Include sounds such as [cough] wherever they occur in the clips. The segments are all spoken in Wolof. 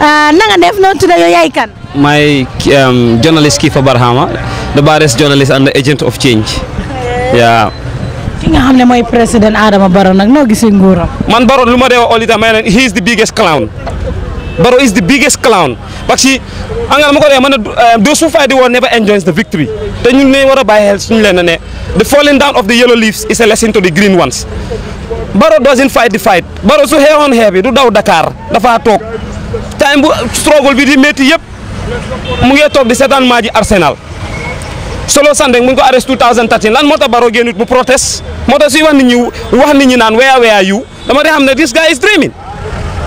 Ah, nanga def no tuda yo yaay kan my um, journalist Kifa Barhama the baddest journalist and the agent of change [laughs] yeah ki nga xamne moy president Adama baro nak no gisee ngoro man baro luma dewa olita may he is the biggest clown baro is the biggest clown parce angal mako e man do um, who fight the never enjoys the victory te ñun ne wara baye hel suñu the falling down of the yellow leaves is a lesson to the green ones baro doesn't fight the fight baro su on xebi du daw dakar dafa tok time bu struggle bi di metti yep mu ngey tok di setan maji arsenal solo sande mu ko arrest 2013 lan mota baro genut bu protest mota ci wax nit ñi wax nit nan wea wea you dama di xamne this guy is dreaming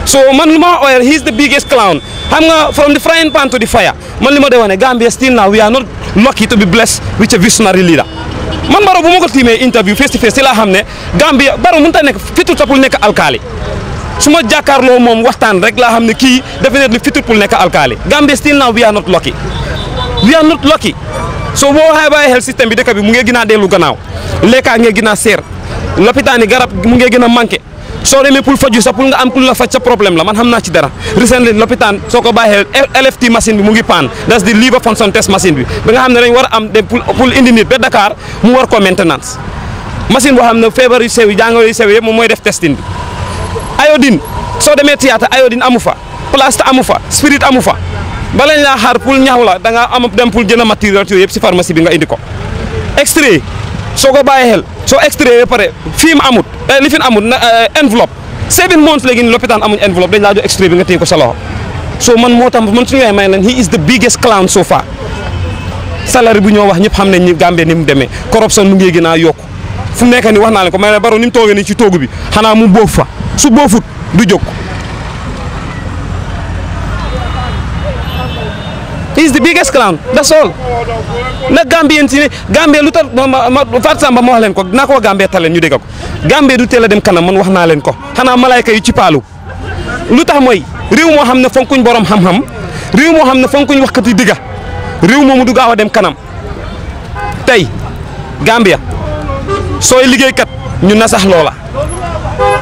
so man luma oil he's the biggest clown xam nga from the frying pan to the fire man lima day gambia still now we are not lucky to be blessed with a visionary leader man baro bu mako timé interview face to face la xamné gambia baro muntah nek fitul tapul nek alkali suma jakarlo mom waxtan rek la xamné ki definitely fitul pul nek alkali gambia still now we are not lucky we are not lucky so bo hay bay health system bi dekk bi mu ngi gëna delu gannaaw lekka ngi ser l'hôpital ni garab mu ngi gëna manquer soo demee pour faju sa pour nga am pour la faj problème la man xamna ci dara recently l'hôpital soko ko LFT machine bi mu ngi pan das di liver function test machine bi ba nga xamne dañ war am dem pour indi nit be Dakar mu war ko maintenance machine bo xamne ne yu sew yi jangoy yu sew yi mo moy def testing bi ayodine So demé théâtre ayodine amu fa plaste amu fa spirit amu fa lañ la xar pour ñaxu la da nga am dem pour jëna matériel yu yëpp ci pharmacie bi nga indi ko extrait soo ko bàyyi xel soo extrait ba pare fiim amut eh, li fi amut na eh, enveloppe seven months léegi nii lopitaan amuñ enveloppe dañ laa jox extrait bi nga téye ko sa loxo so man moo tax man suñu yaay may leen he is the biggest clown so far salaire bu ñoo wax ñëpp xam nañ ni Gambie ni mu demee corruption mu ngi gën a yokku fu mu nekk nii wax naa leen ko may ne baro ni mu toogee nii ci toogu bi xanaa mu boof fa su boofut du jóg. He's the biggest clown. That's all. na Gambien ci Gambie lutal tax Fatou Samba ma wax leen ko dinaa ko Gambie talen ñu deg ko Gambie du tele dem kanam man wax na len ko xana malaika yu ci palu lutax moy rew mo xamne xam ne fonkuñ borom xam-xam réew moo xam ne fonkuñ diga rew mo mu du gawa dem kanam tey Gambia liggey kat ñu nasax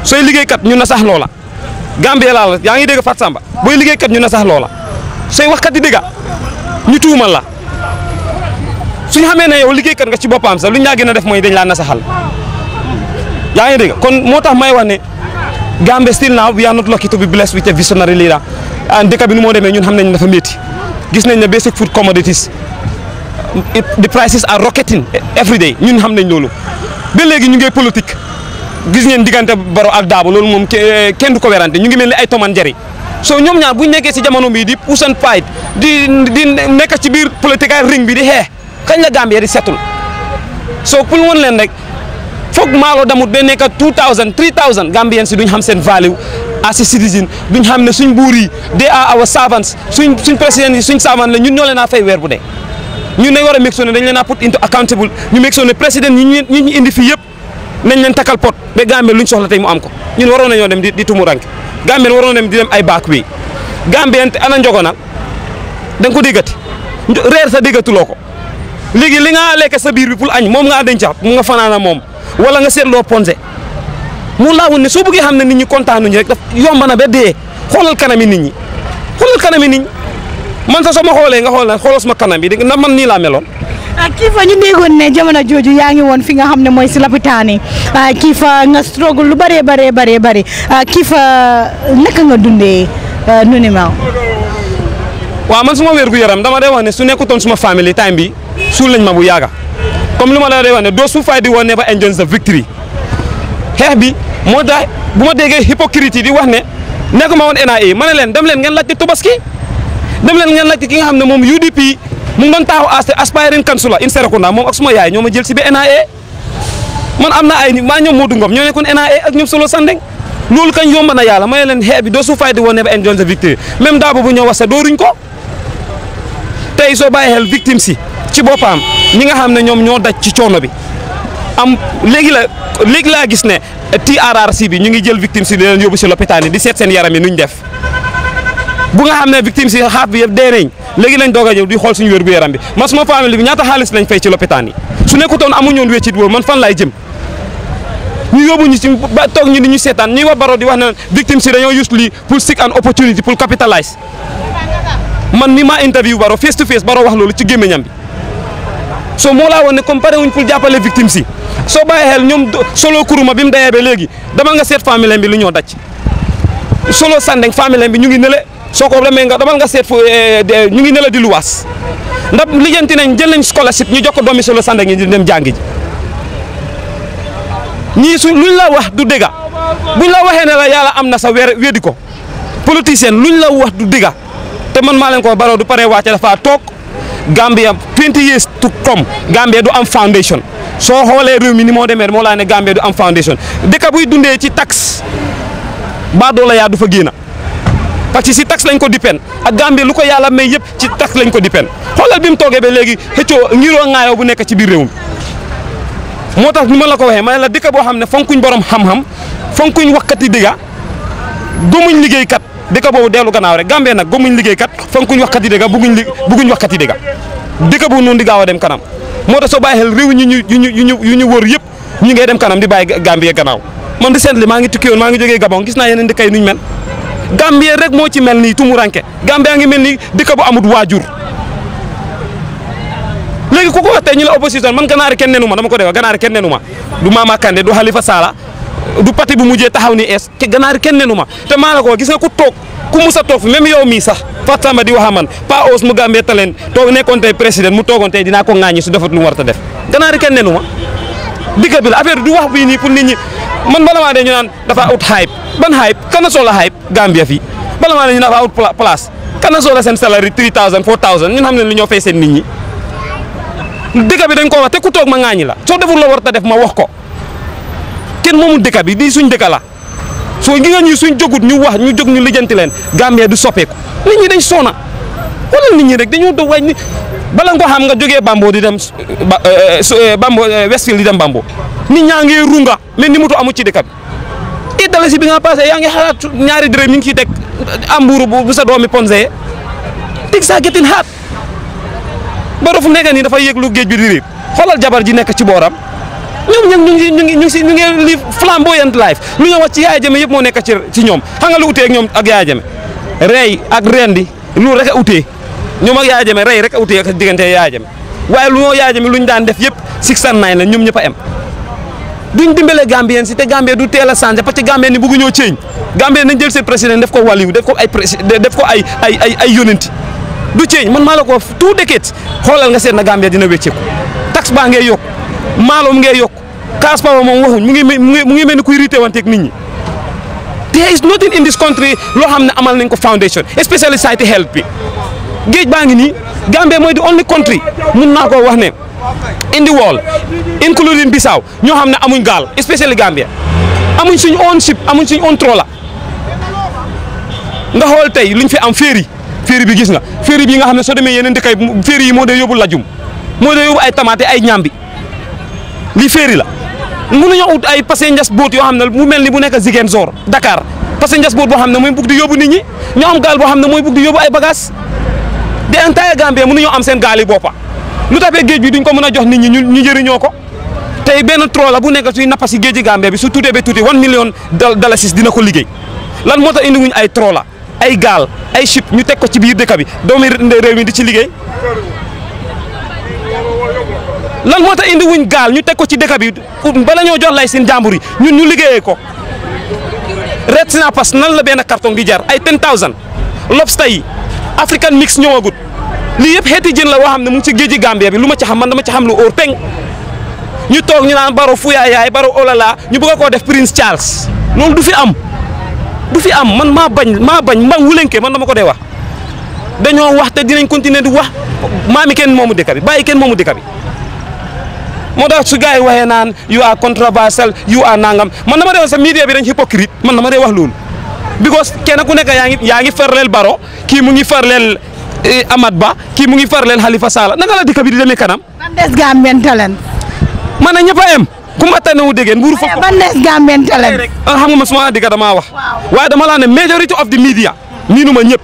soy liggey kat ñu nasax lola, Gambia laa la yaa ngi dégg boy Samba booy liggéeykat ñu nasax lola say waxkat di dëgga ñu tuumal la suñu xamee ne yow liggéeykat nga ci boppam sax lu ñu laa gën a def mooy dañ laa nasaxal yaa ngi dégg kon moo tax may wax ne Gambia still now we are not lucky to be blessed with a visionary leader and dëkk bi nu moo demee ñun xam nañ dafa métti gis nañ ne basic food commodities the prices are rocketing every day ñun xam nañ loolu ba léegi ñu ngi politique gis ñeen diggante Barrow ak Darboe loolu moom kenn du ko werante ñu ngi mel ni ay Tom and so ñom ñaar buñu nekké si jamono bi di puusan fight di di nekk ci biir political ring bi di hé xagn la gambie di setul so pour won leen rek foog maalo damut be nekk 2000 3000 gambien si duñ xam sen value as a citizen duñ xam né suñ buur yi they are our servants suñ suñ président yi suñ servant la ñun ñoo leena fay wër bu dé ñu né wara dañ leena put into accountable ñu make sure ne président ñi ñi indi fi yépp nañ leen takal pot be gambie luñ soxla tay mu am ko ñun waro nañu dem di di tumu rank Gambien waroon dem di dem ay baak wi Gambien ana Njogona da nga ko déggati reer sa déggatuloo ko léegi li nga lekk sa biir bi pour añ moom ngaa dencaat mu nga fanaana moom wala nga seetloo ponse mu laawul ne soo bëggee xam ne nit ñi kontaanuñu rek daf yomb na ba dee xoolal kanami nit ñi xoolal kanami nit ñi man sax soo ma xoolee nga xool na xoolal sama kanam bi na man nii laa meloon. Ah, kiifa ñu neegon ne jamono joju yaangi won hamne fi nga xamne moy ci si lopitaan yi ah, nga struggle lu bare bare bare bare ah, kiifa naka nga dundé nuni ma wa man suma wër gu yaram dama day wone su nekkuton suma family time bi suul lañ ma bu yaaga comme luma la day wone ne su fay di wone ba the victory xex bi mo da bu ma hypocrite di wax ne nekuma won NIA ma ne leen dem leen ngeen laajte Tobaski dem leen ngeen laajte ki nga mom UDP mu ngi taa taaxu aste aspirin kansula in Serekunda moom ak suma yaay ñoo ma jël si ba NAE man am na ay nit maa ñoom Modou Ngom ñoo nekkoon NAE ak ñoom Solo Sandeng loolu kañ yomb na yàlla maye leen xeeb bi doo su fay di woon ne ba enjoy the victory même daa boobu ñoo wax sa dooruñ ko tey soo bàyyi xel victime si ci boppam ñi nga xam ne ñoom ñoo daj ci coono bi am léegi la léegi laa gis ne TRRC bi ñu ngi jël victime si di si lopitaan yi di seet seen yaram yi nuñ def. bu nga xamné victime ci xaat bi yeb dé nañ légui lañ doga ñew di xol suñu wër bu yaram bi mas ma family bi ñaata xaaliss lañ fay ci l'hôpital ni su nekkutoon amu ñoon wéccit bo man fan lay jëm ñu yobu ñu ci tok ñu ñu sétane ñi wa baro di wax na victime ci dañoo use li pour seek an opportunity pour capitalize man ni ma interview baro face to face baro wax lolu ci gémmiñam bi so mo la wone comme paré wuñ pour jappalé victime si so baye hel ñom solo kuruma bimu dayé bé légui dama nga sét family bi lu ñoo dacc solo sandeng family bi ñu ngi neulé soko demé nga dama nga set fu eh, ñu ngi neela di luwas ndab lijeenti nañ jël nañ scholarship ñu ko domi solo sandangi di dem jangi ñi su luñ la wax du dega buñ la waxé né la yalla amna sa wér wédiko politicien luñ la wax du dega té man ma len ko baro du paré wacce dafa tok gambia 20 years to come gambia du am foundation so xolé rew mi ni mo démé mo la né gambia du am foundation deka buy dundé ci tax ba do la ya du fa gëna parce que si tax lañ ko dipen a Gambie lu ko yàlla may yëpp ci tax lañ ko dipen xoolal bi mu toogee ba léegi xëccoo ngiroo ŋaayoo bu nekk ci biir réew mi moo tax ni ma la ko waxee ma ne la dëkk boo xam ne fonkuñ borom xam-xam fonkuñ waxkati dëgga gëmuñ liggéeykat dëkk boobu dellu gannaaw rek gambe nag gëmuñ liggéeykat fonkuñ waxkati dëgga bugguñ li bugguñ waxkati dëgga dëkk boobu noonu di gaaw a dem kanam moo tax soo bàyyi xel réew ñu ñu ñu ñu ñu ñu wër yëpp ñu ngay dem kanam di bàyyi Gambie gannaaw man di seetli maa ngi tukki gis naa yeneen dëkk yi nuñ gambier rek mo ci mel tumu ranké gambien nga mel ni bu amut wajur légui kuko waxé ñu la opposition man ganaar kenn nenuma dama ko dewa ganaar kenn nenuma du mama kandé du khalifa sala du parti bu mujjé taxaw ni es ke ganaar kenn nenuma te maa ko gis nga ku tok ku musa tok même yow mi sax fatama di waxa man pa os mu gambee talen toog nékon tay président mu togon tay dina ko ngañi su defat lu mu war ta def ganaar kenn nenuma digga bi affaire du wax bi ni pour nit man bala maa dee ñu dafa out hype ban hype kan la soxla hype Gambia fi bala maa dee ñu naan dafa out place kan la soxla seen salary 3000 4000 ñun xam ne li ñoo fay seen nit ñi dëkk bi dañ ko wax te ku toog ma ŋaañi la soo deful la war ta def ma wax ko kenn moomu dëkk bi di suñ dëkk la soo ngi nga suñ jógut ñu wax ñu jóg ñu lijjanti leen Gambia du soppeeku nit ñi dañ soona wala nit ñi rek dañoo doon ni bala nga ko xam nga jógee Bambo di dem eh, eh, eh, Bambo Westfield di dem Bambo nit ñaa ngi runga leen ni mutu amu ci dekat bi itale si bi nga passé ya nga xalat ñaari dërëm yi ngi ciy teg amburu bu bu sa doomi ponzé tik sa getin xaat ba dofu nekk nii dafa yëg lu géej bi di riir xoolal jabar ji nekk ci booram ñoom ñu ñu ngi ñu ngi ñu ngi li flamboyant life lu ñu wax ci yaay jëme yëp mo nekk ci ci ñom xam nga lu utee ak ñom ak yaay jëme rey ak rendi lu rek uté ñom ak yaay jëme rey rek uté ak digënté yaay jëme waye lu ñoo yaay jëme lu ñu daan def yëp 69 la ñom ñëpp am duñ dimbalé gambien ci té gambé du téla changer parce que gambé ni bëggu ñoo cëñ gambé nañ jël seen président def ko waliw def ko ay def ko ay ay ay ay yonenti du cëñ man mala ko tout decade xolal nga seen na dina wéccé ko tax ba ngay yok malom ngay yok kaas pa mom waxu mu ngi mu ngi melni kuy rité wanté ak nit ñi there is nothing in this country lo xamné amal nañ ko foundation especially society help bi geej baangi ni Gambia mooy di only contri mun naa koo wax ne in the world including Bissau ñoo xam ne amuñ gaal especially Gambia amuñ suñ own ship amuñ suñ own trawler nga xool tey luñ fi am ferry ferry bi gis nga ferry bi nga xam ne soo demee yeneen dëkk yi ferry yi moo dee yóbbu lajum moo dee yóbbu ay tamaate ay ñambi lii ferry la mun nañoo ut ay passengers boat yoo xam ne mu mel ni bu nekk Ziguinchor Dakar passengers boat boo xam ne mooy bugg di yóbbu nit ñi ñoo am gaal boo xam ne mooy bugg di ay bagages. des entaye Gambien mënuñoo am seen gaal yi lu tapee géej bi duñ ko mën a jox nit ñi ñu ñu njëriñoo ko tey benn troll la bu nekk suy nappa si géeji Gambie bi su tuutee ba tuuti 1 million dalasis dina ko liggéey lan moo tax indi wuñ ay troll ay gaal ay ship ñu teg ko ci biir dëkk bi doomi réew mi di ci liggéey lan moo tax indi wuñ gaal ñu teg ko ci dëkk bi bala ñoo jox lay seen jàmbur yi ñun ñu liggéeyee ko red snappas nan la benn karton di jar ay 10000 lobster yi african mix ñëwagut li yëpp xéti jen la wo xamne mu ci geejji Gambia bi luma ci xam man dama ci xam lu or peng ñu tok ñu naan baro yaay baro olala ñu bëgg ko def prince charles lool du fi am du fi am man ma bañ ma bañ ma wulenke man dama ko day wax dañoo wax te dinañ continuer di wax mami ken momu dëkk bi bàyyi kenn moomu dëkk bi su gaay yi naan you are controversial you are nangam man dama rew sa media bi dañ hypocrite man dama dee wax lool because kenn ku nekk yaa ngi yaa ngi farleel Baro kii mu ngi farleel eh, Amat Ba kii mu ngi farleel Halifa Sallah naka la dëkk bi di demee kanam. ban des Gambian Talents. ma ne ñëpp a yem ku ma tànn wu dégg nguuru foofu. ban des Gambian Talents. Eh, ah, xam nga ma suma dëgg damaa wa waaye dama laa ne majority of the media. miinu ma ñëpp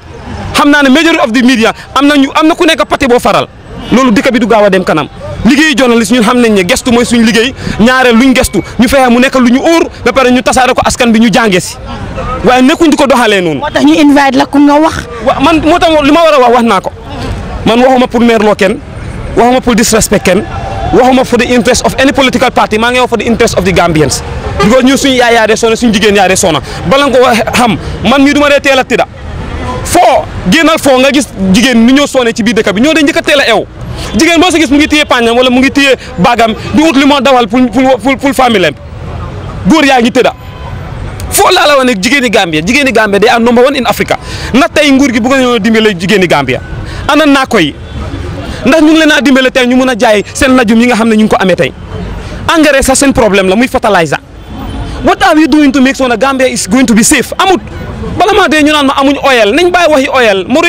xam naa ne majority of the media am na ñu am na ku nekk pàtte boo faral loolu dëkk bi du gaaw a dem kanam. liggéey journaliste ñun xam nañ ne gestu moy suñu liggéey ñaare luñu gestu ñu fexé mu nekk luñu ñu uur ba paré ñu tassaré ko askan bi ñu jàngee ci waye nekkuñ diko doxalé noonu. ñu invite la ku nga wax. wa man motax luma wara wax wax nako man waxuma pour lo ken waxuma pour disrespect ken waxuma for the interest of any political party ma ngi wax for the interest of the Gambians. because ñu suñu yaaya dé sona suñu jigen yaa dé sona bala nga ko xam man mi duma ré dee teel a tida fo génnal foo nga gis jigen ni ñoo soné ci biir dëkk bi ñoo dee njëkk téla ew jigéen boo sa gis mu ngi téye pàññam wala mu ngi téye baagam di wut li moo dawal pour pour pour famille yaa ngi tëdda foo laa la wax ne jigéeni Gambia jigéeni Gambia day am number one in Africa ndax tey nguur gi bëgg nañoo dimbale jigéeni Gambia ana naa koy yi ndax ñu ngi leen a dimbale tey ñu mën a jaay seen lajum yi nga xam ne ñu ngi ko amee tey engrais sax seen problème la muy fertilizer what are we doing to make sure Gambia is going to be safe amut bala maa dee ñu naan ma amuñ nañ bàyyi waxi oil mu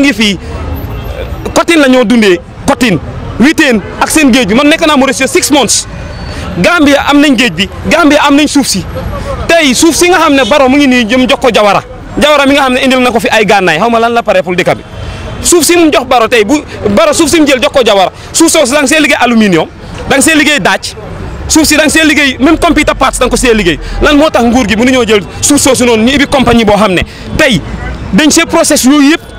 ngi fii cotton la ñoo dundee. Cotine witin, ak sen geej bi man nek na Mauricio six months Gambia am nañ geej bi Gambia am nañ suuf si tey suuf si nga xamne baro mu ngi ni jëm jox ko jawara jawara mi nga xamne indil nako fi ay gànnaay xawma lan la paré pour dëkk bi mu jox baro tay bu baro suuf mu jël jox ko jawara suuf soosu da nga liggéey aluminium dang sé see liggéey daaj suuf si da nga liggéey même computer parts dang ko sé liggéey lan motax nguur gi ñu jël suuf soosu non ñi bi compagnie bo xamne tay dañ see process yoyep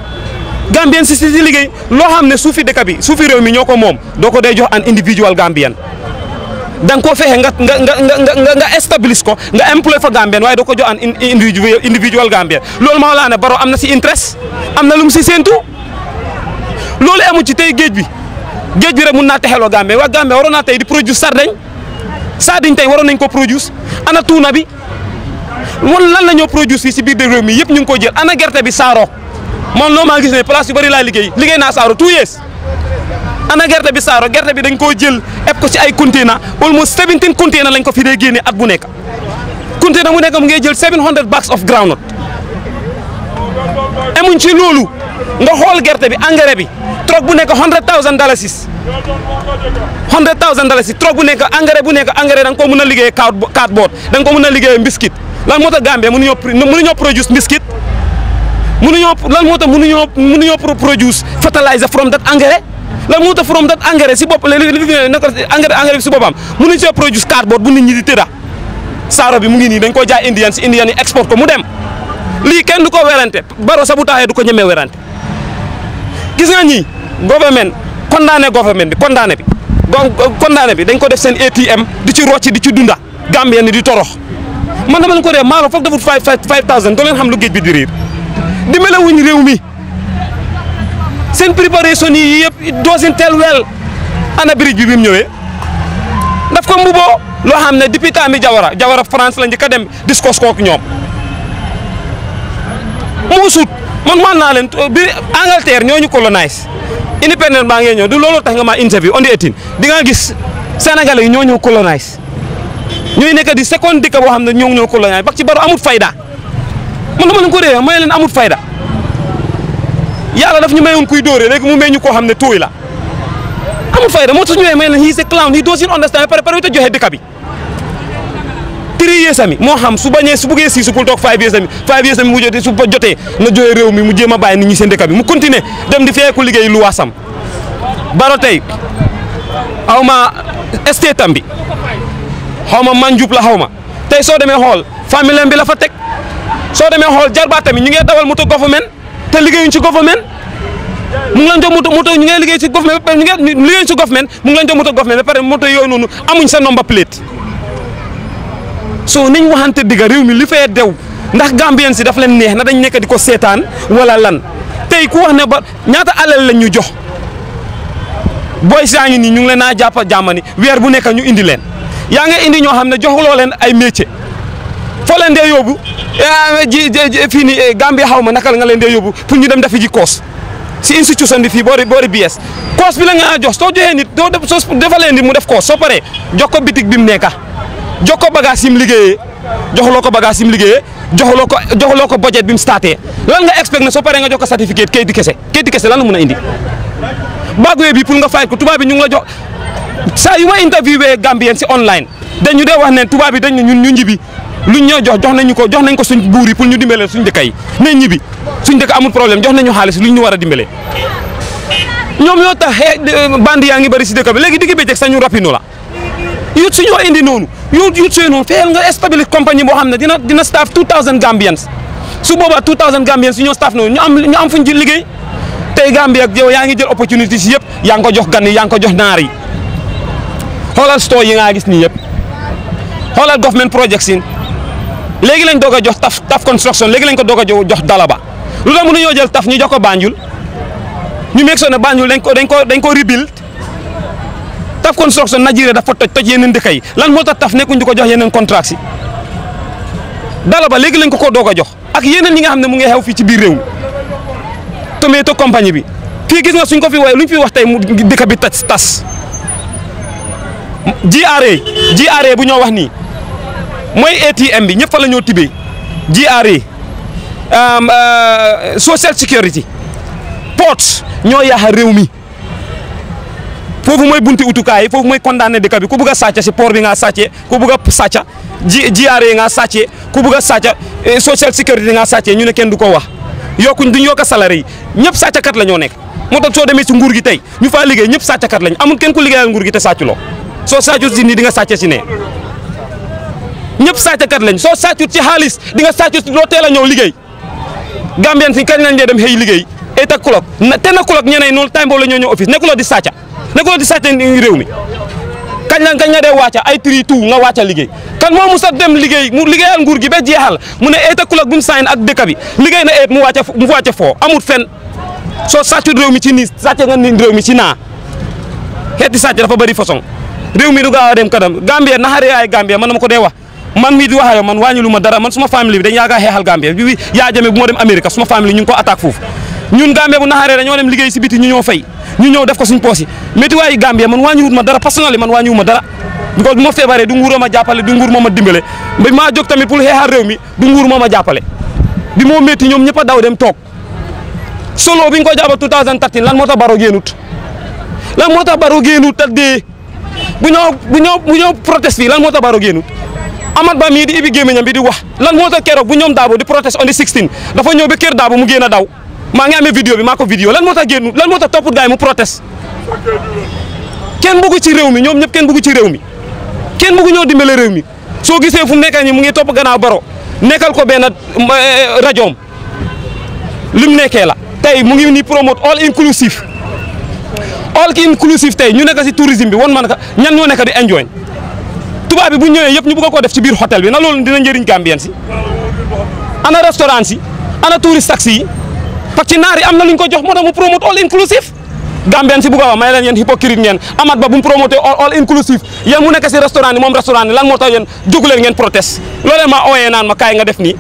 Gambien si si liggéey loo xam ne suufi dëkk bi suufi réew mi ñoo ko moom doo ko day jox an individual Gambien da nga koo fexe nga nga nga nga stabilise ko nga employé fa Gambien waaye doo ko jox an individual Gambien loolu moo laa ne Barrow am na si interest am na lu mu si séentu loolu amu ci tey géej bi géej bi rek mun naa texeloo Gambien waa Gambien waroon naa tey di produire sardañ sardañ tey waroon nañ ko produire ana tuuna bi wan lan na ñoo produire si biir réew mi yëpp ñu ngi ko jël ana gerte bi saaroo. man noo maa gis ne bëri laa liggéey liggéey naa saaro two years ana gerte bi saaro gerte bi dañ koo jël eb ko ci ay container almost 17 container lañ ko fi dee génne at bu nekk container mu nekk mu ngay jël 700 bags of groundnut amuñ ci loolu nga xool gerte bi engrais bi troc bu nekk 100000 dalasis 100000 dalasis troc bu nekk engrais da nga ko mën a liggéeyee cardboard da nga ko mën a liggéeyee biscuit lan moo tax Gambie mënuñoo mënuñoo produce biscuit munuñu lan moo tax munuñu produce fertilizer from that engrais lan moo tax from that engrais si bop li li engrais engrais si bopam munuñu ci produce cardboard bu nit ñi di tëdda saaro bi mu ngi ni dañ ko jaay indian ci indian yi export ko mu dem li kenn duko wéranté baro sa bu taxé duko ñëmé wéranté gis nga ñi government condamné government bi condamné bi condamné bi dañ ko def sen ATM di ci rocci di ci dunda gambien ni di torox man dama leen ko dé malo foog defut 5000 do len xam lu geej bi di riir dimbale wuñ réew mi seen préparation yi yëpp dosin tel wel ana birig bi bi mu daf ko mbubo lo xamné depuis jawara jawara france lañu ka dem discours ko ak ñom musut man man na len bi angleterre ñoñu colonize independent ba ngeen ñëw du lolu tax nga ma interview on the 18 di nga gis sénégalais yi ñoo ñëw colonise nekk di seconde dik bo xamné ñoñu colonize bak ci baro amut fayda man dama leen ko réew may len amut fayda yàlla daf ñu mayoon kuy dóoree léegi mu may ñu koo xam ne tuuy la amul fayda moo tax ñu may leen he is a clown he doesn't understand pare pare te joxe dëkk bi. three years ami moo xam su bañee su buggee siisu pour toog five years ami five years ami mu jotee su ba jotee na joxe réew mi mu jéem a bàyyi nit ñi seen dëkk bi mu continuer dem di feeku liggéey lu waasam baro tey xaw ma estate am bi xaw ma manjub la xaw ma tey soo demee xool famille bi la fa teg soo demee xool jarbaatam yi ñu ngi dawal moto government te liggéeyuñ ci government mu ngi leen jox moto moto ñu ngay liggéey ci government ñu ngay liggéey ci government mu ngi leen jox moto government ba pare moto yooyu noonu amuñ sa nomba plate so niñ waxante digga réew mi li fee dew ndax gambien si daf leen neex na dañ nekk di ko seetaan wala lan tey ku wax ne ba ñaata alal lañ ñu jox boy saa ngi nii ñu ngi leen naa jàpp jàmmani bu nekk ñu indi leen yaa nga indi ñoo xam ne leen ay métier fo leen yobbu ya eh, eh, ji fii nii eh, Gambie xaw ma nakal nga len dee yobbu pour ñu dem dafi ji cos si institution bi fi bori bori bs cos bi la nga jox soo joxe nit do def soo defalee nit mu def cos so pare jox ko bitig bi mu neka jox ko bagage yi mu jox lo ko bagage yi mu jox lo ko lo ko budget bi mu staté lan nga expect ne so pare nga jox ko certificate kayit kese di kese lan mu na indi baguye bi pour nga fay ko tuba bi ñu ngi la jox sa yu ma interviewé Gambien ci online dañu de wax né tuba bi dañ ñun ñu njibi lu ñoo jox jox nañu ko jox nañ ko suñ buur pour ñu dimbalee suñ dëkkay né ne ñibi suñ dëkk amul problème jox nañu xaaliss lu ñu wara a ñom ñoo tax eh, bandi yaangi bari ci dëkk bi légui digg bëccëg sañu rapino la yu suñu indi nonu yu yu suñu non feyal nga stabilise compagnie bo xamné dina dina staff 2000 gambians su boba 2000 gambians ñoo staff nonu ñu am ñu am fuñ ci liggéey tay gambie ak yow yaangi jël opportunité ci yépp yaang ko jox gan yaang ko jox naar yi store yi nga gis ni yépp xoolal government projects yi léegi lañ doog a jox taf taf construction léegi lañ ko doog a jox dalaba lu tax mënu ñoo jël taf ñu jox ko banjul ñu meeg banjul dañ ko dañ ko dañ ko rebuild taf construction najire dafa toj toj yeneen dëkk yi lan moo tax taf nekkuñ di ko jox yeneen contrat si dalaba léegi lañ ko ko doog a jox ak yeneen yi nga xam ne mu ngi xew fii ci biir réew tomato compagnie bi fii gis nga suñ ko fi waaye luñ fi wax tey mu dëkk bi tas GRA GRA bu ñoo wax nii mooy ATM bi ñëpp fa la ñoo tibbee GRA um, uh, social security ports ñoo yaaxa réew mi foofu mooy bunti utukaay yi foofu mooy condamné dëkk bi ku bugg a sàcce si port bi ngaa sàcce ku bugg a sàcce ji GRA e ngaa sàcce ku bugg a sàcce eh, social security ngaa sace ñu ne kenn du ko wax yokkuñ duñ yokk a salaire yi ñëpp sàccakat la ñoo nekk moo tax soo demee si nguur gi tey ñu faa liggéey ñëpp sàccakat lañ amul kenn ku liggéeyal nguur gi te sàcculoo soo sàccu si nii di nga sàcce si ne. ñëpp sàcckat lañ soo sàccut ci xaalis di nga sàccut doo teel a ñëw liggéey Gambien fi kañ lañ dee dem xëy liggéey eight o'clock na ten o'clock ñeneen noonu time boobu la ñoo ñëw office nekkuloo di sàcca nekkuloo di sàcca réew mi kañ la kañ nga dee wàcca ay tri tout nga wàcca liggéey kan moo mu sa dem liggéey mu liggéeyal nguur gi ba jeexal mu ne eight o'clock bu mu sign ak dëkk bi liggéey na eight mu wàcca mu wàcca foo amut fen soo sàccut réew mi ci nii sàcca nga ni réew mi ci naa xeeti sàcc dafa bëri façon réew mi du gaaw a dem kanam Gambia naxaree ay Gambia ko dee wax man mii di wax ak yow man wàññi lu ma dara man suma famille bi dañ yaaga xeexal Gambie bi yaa jame bu moo dem Amérique suma famille ñu ngi ko attaque foofu ñun Gambie bu naxaree dañoo dem liggéey si biti ñu ñoo fay ñu ñëw def ko suñ poos yi métti waayu man wàññiwut ma dara personnel man wàññiwu ma dara because bu ma feebaree du nguur ma jàppale dimbale maa jóg tamit pour xeexal réew mi du nguur jàppale bi moo métti ñoom ñëpp a daw dem toog solo bi ñu ko jàppal 2013 lan moo tax baro génnut lan moo tax baro génnut te dee bu ñoo bu ñoo bu ñoo proteste fii lan moo tax baro génnut Amat bam yi di ibi gémmiñam bi di wax lan moo tax keroog bu ñom Dabo di protest on the 16 dafa ñëw ba kër Dabo mu gëna daw ma nga amé vidéo bi mako lan moo tax lan moo tax topput mu protest kèn bëggu ci réew mi ñom ñep kèn bëggu ci réew mi kèn bëggu ñoo dimbalé réew mi so gisé fu mu nekk nii mu ngi top gëna baro nekkal ko ben eh, lim nekké la tay mu ngi ni promote all inclusive all inclusive tay ñu nekk si tourisme bi won man ñan ñoo nekk di enjoy tuba bi bu ñëwé yëpp ñu bëgg ko def ci biir hôtel bi na loolu dina ñëriñ Gambien si ana restaurant ci ana tourist taxi yi ci naari amna luñ ko jox mu promote all inclusive Gambien ci bu ko wax may leen yeen hypocrite ngeen amat ba bu promote all inclusive yeen mu nekk restoran, restaurant mom moom restaurant yi lan mo taw yeen jogu leen ngeen protest loolé ma oyé naan ma kay nga def ni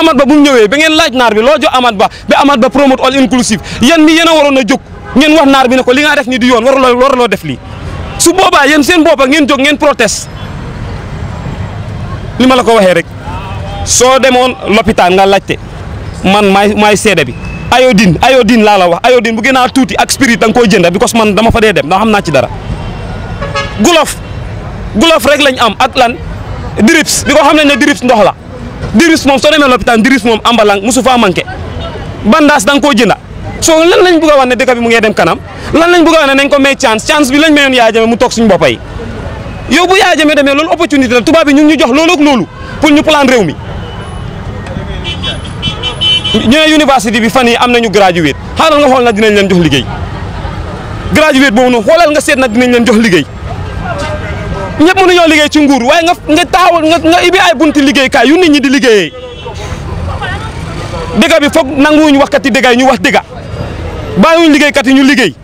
amat ba bu ñëwé ñëwee ba ngeen laaj naar bi lo jox amat ba be amat ba promote all inclusive yeen mi yéen a juk, a ngeen wax naar bi ne ko li nga def ni du yoon waruloo lo def li su boba yeen seen boba ngeen jog ngeen protest li ma la ko waxe rek so demone l'hôpital nga laajte man may may seede bi ayodine ayodine la la wax ayodine bu gën a ak spirit dang nga koy jënd because man dama fa dé dem da xamna ci dara gulof gulof rek lañ am ak lan drips diko ko né ne ndox la drips mom so demee l'hôpital drips mom ambalang musu faa manqué bandaas koy soo lan lañ bëgg a wax ne dëkk bi mu ngee dem kanam lan lañ bëgg a wax ne nañ ko may chance chance bi lañ mayoon Yaya Jammeh mu toog suñu boppa yow bu Yaya Jammeh demee loolu opportunité la tubaab bi ñu ñu jox loolu ak loolu pour ñu plan réew mi ñu ne université bi fan yi am nañu graduate xaaral nga xool na dinañ leen jox liggéey graduate boobu noonu xoolal nga seet nag dinañ leen jox liggéey ñëpp mënuñoo liggéey ci nguur waaye nga nga taxawal nga nga ibi ay bunti liggéeykaay yu nit ñi di liggéeyee diga bi fok nanguwuñu waxkat yi dégâts yi ñu wax dégâts bàyyiwuñ liggey kat ñu liggey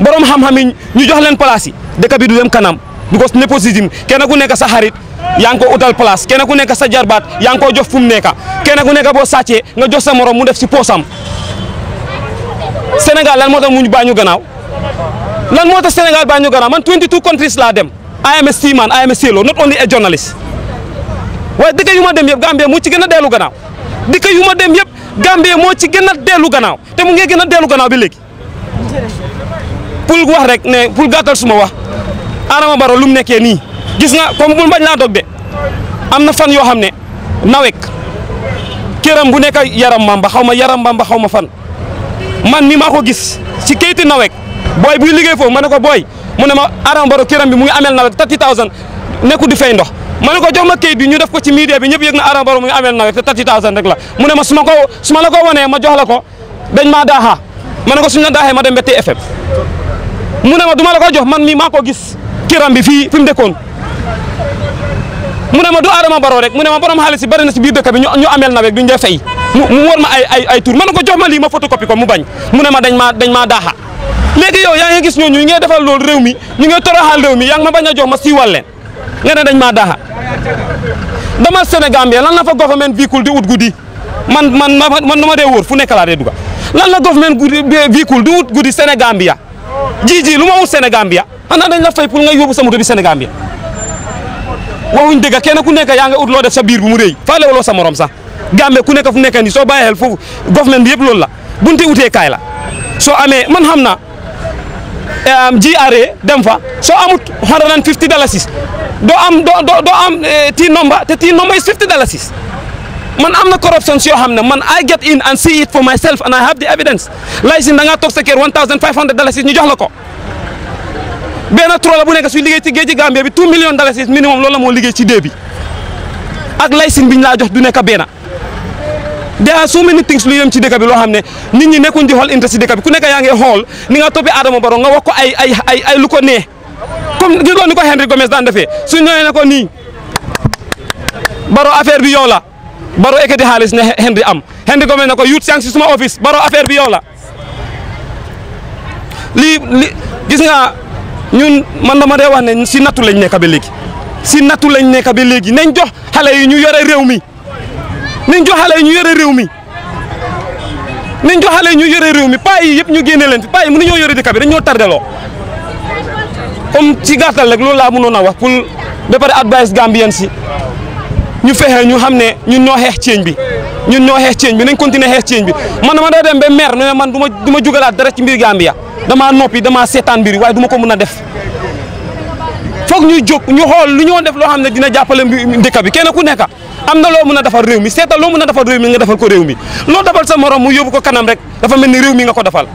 borom xam-xam ñu jox leen place yi bi du dem kanam because nepotism kenn ku nekk sa xarit yang ko utal place kenn ku nekk sa jarbat yang ko jox fum nekk kenn ku nekk bo sàccee nga jox sa morom mu def ci posam senegal lan motax tax gannaaw lan motax senegal bañu gannaaw man 22 countries la dem I am a seaman I am a sailor not only a journalist waaye deka yu ma dem yeb Gambia mu ci gëna delu gannaaw dëkk yu dem yeb Gambie moo ci gën a dellu gannaaw te mu ngi gën a dellu gannaaw bi léegi. pour wax rek ne pour gàttal suma wax Adama Barrow lu mu nekkee nii gis nga comme bul bañ laa dog de am na fan yoo xam ne nawek këram bu nekk yaram mbamba xaw ma yaram mbamba xaw ma fan man mi maa ko gis si kayiti nawek booy buy liggéey foofu ma ne ko booy mu ne ma Adama Barrow këram bi mu ngi ameel nawek 30 000 nekku di fay ndox. ma ko jox ma kayit bi ñu def ko ci media bi ñëpp yegg na Adama mu ngi amel nawet te thirty thousand rek la mu ne ma suma ko suma la ko woné ma jox la ko dañ ma daha ma ko suñu la ma dem bété FM mu ne ma duma la ko jox man mi mako gis kiram bi fii fi mu dëkkoon mu ne ma du Adama Barrow rek mu ne ma borom xaliss bari na ci biir dëkk bi ñu amel nawet duñ def fay mu war ma ay ay tour tur ko jox ma ma photocopie ko mu bañ mu ne ma dañ ma dañ ma daha légi yow ya nga gis ñoo ñu ngi defal lool réew mi ñu ngi toroxal réew mi ya nga ma baña jox ma siwal leen nga ne dañ ma daha dama Sénégambie lan la fa government véhicule di ut guddi man man man nu ma dee wóor fu nekk laa dee duga lan la government guddi véhicule di ut guddi Sénégambia ji ji lu ma ut Sénégambia xanaa dañ la fay pour nga yóbbu sa moto bi Sénégambia waxuñ dëgg kenn ku nekk yaa nga ut loo def sa biir bu mu rëy faale waloo sa morom sax Gambie ku nekk fu nekk nii soo bàyyi xel foofu government bi yëpp la la bunte utee kaay la soo amee man xam na um, GRA dem fa soo amut 150 dalasis doo am doo doo doo eh, tii nomba te tii nomba is fifty man am na corruptions yoo xam ne man I get in and see it for myself and I have the evidence lay sin da ngaa toog sa kër one thousand five jox la ko benn trola bu nekk suy liggéey ci géej gi bi two million dalasis minimum loolu la moo liggéey ci dee bi ak lay bi ñu laa jox du nekk benn there are so many things lu yem ci dëkk bi loo xam ne nit ñi nekkuñ di xool intérêt ci dëkk ku nekk yaa ngi xool ni nga toppee Adama Barrow nga wax ko ay ay ay ay ko nee comme gisoo ni ko Henry Gomes daan defee su ñëwee ne ko nii baro affaire bi yow la baro ekkati xaalis ne Henry am Henry Gomes ne ko yuut si suma office baro affaire bi yow la lii li gis nga ñun man dama dee wax ne si nattu lañ nekk ba léegi si nattu lañ nekk ba léegi nañ jox xale yi ñu yore réew mi nañ jox xale yi ñu yore réew mi nañ jox xale yi ñu yore réew mi paa yi ñu génne leen fi paa yi mënuñoo yore bi dañ ñoo tardeloo comme ci gatal rek loolu la mënoon a wax pour ba pare advice Gambien ci ñu fexé ñu xamné ne ñun ñoo bi ñun ñoo xeex ceeñ bi nañ continuer xeex ciñ bi man dama daa dem ba mer né man duma duma jugalat dara ci mbir Gambia dama nopi, dama seetaan mbir waaye duma ko mëna def fokk ñu jog ñu xol lu ñoo def lo xamné ne dina jàppale dëkk bi kenn ku nekk amna lo mëna mën defal réew mi sétal lo mëna a defal réew mi nga defal ko réew mi lo defal sa morom mu yobu ko kanam rek dafa melni réew mi nga ko defal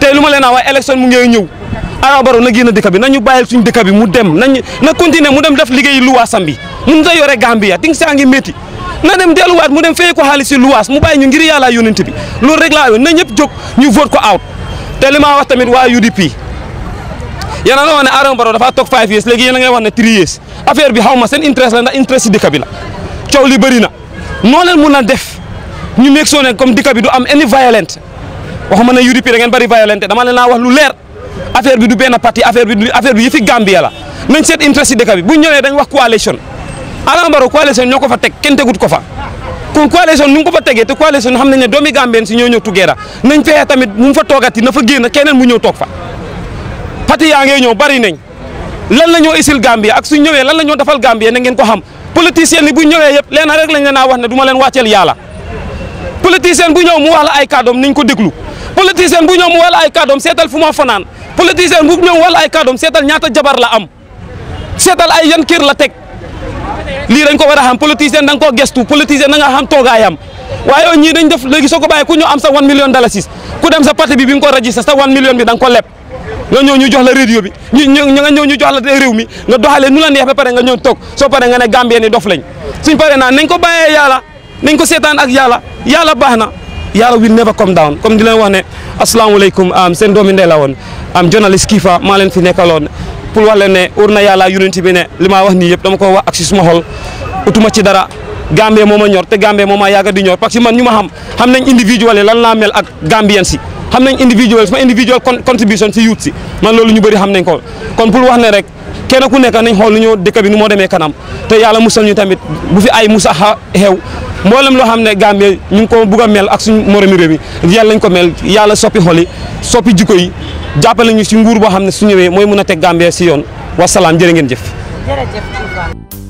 té luma ma wa élection mu ngi ñëw Ara Barrow na génn dëkk bi nañu bàyyil suñ dëkk bi mu dem nañ na continuer mu dem def liggéey luwaasam bi mu nda yore Gambia ting saa ngi métti na dem wat mu dem fey ko halisi si mu bay ñu ngir yalla yonent bi loolu rek laa na ñëpp jog ñu vote ko out te li ma wax tamit wa UDP yéen a la wax ne dafa tok 5 years léegi na ngay wax 3 years affaire bi xaw sen interest la ndax interest dekabi bi la ciow li bëri na no len mu na def ñu nekk soo comme dëkk bi du am any violent waxuma na UDP da ngeen bari violent dama leen naa wax lu leer affaire bi du benn parti affaire bi affaire bi yëfi Gambia la men seet interest si dëkk bi bu ñëwee dañ wax coalition Adama Barrow coalition ñoo ko fa teg kenn tegut ko fa kon coalition nu ngi ko fa tegee te coalition xam nañ ne Gambien si ñoo ñëw tugeera nañ fexe tamit mu fa toogati na fa génn keneen mu ñëw toog fa parti yaa ngay ñëw bari nañ lan la ñoo isil Gambia ak suñ ñëwee lan la ñoo defal Gambia na ngeen ko xam politicien yi bu ñëwee yëpp leen rek lañ leen a wax ne du ma leen wàcceel yàlla politicien bu ñëw mu wax la ay kàddoom niñ ko déglu politicien bu ñëw mu wax la ay politicien bu ñew wal ay kàddoom sétal ñaata jabar la am sétal ay yan kër la tek li dañ ko wara xam politicien da ko gestu politicien nga xam toogaayam wayo ñi dañ def legi soko baye ku ñu am sa 1 million dalasis ku dem sa parti bi bi ngi ko registré sa 1 million bi da ko lepp nga ñew ñu jox la radio bi ñi nga ñew ñu jox la rew mi nga doxale nu la neex ba pare nga ñew tok so pare nga ne gambien ni dof lañ suñu pare na nañ ko baye yalla nañ ko sétane ak yalla yalla baxna yàlla will never come down comme di leen wax ne asalaamaaleykum am seen doomi ndey la woon am journaliste Kiifa maa leen fi nekkaloon pour wax leen ne ur na yàlla yonent bi ne li ma wax nii yëpp dama ko wax ak si suma xol utuma ci dara Gambie moo ma ñor te Gambie moo ma yàgg di ñor parce que man ñu ma xam xam nañ individuel lan laa mel ak Gambien si xam nañ individuel sama individual contribution si youth si man loolu ñu bëri xam nañ ko kon pour wax ne rek kenn ku nekk nañ xool lu ñoo dëkk bi nu moo demee kanam te yàlla musal tamit bu fi ay musa mboolem loo xam ne Gambie ñu ngi ko bugg mel ak suñu moromi réew yi yàlla lañ ko mel yàlla soppi xol yi soppi jikko yi jàppale ñu si nguur boo xam ne su ñëwee mooy mun a teg Gambie si yoon wasalaam jërë ngeen jëf. jërëjëf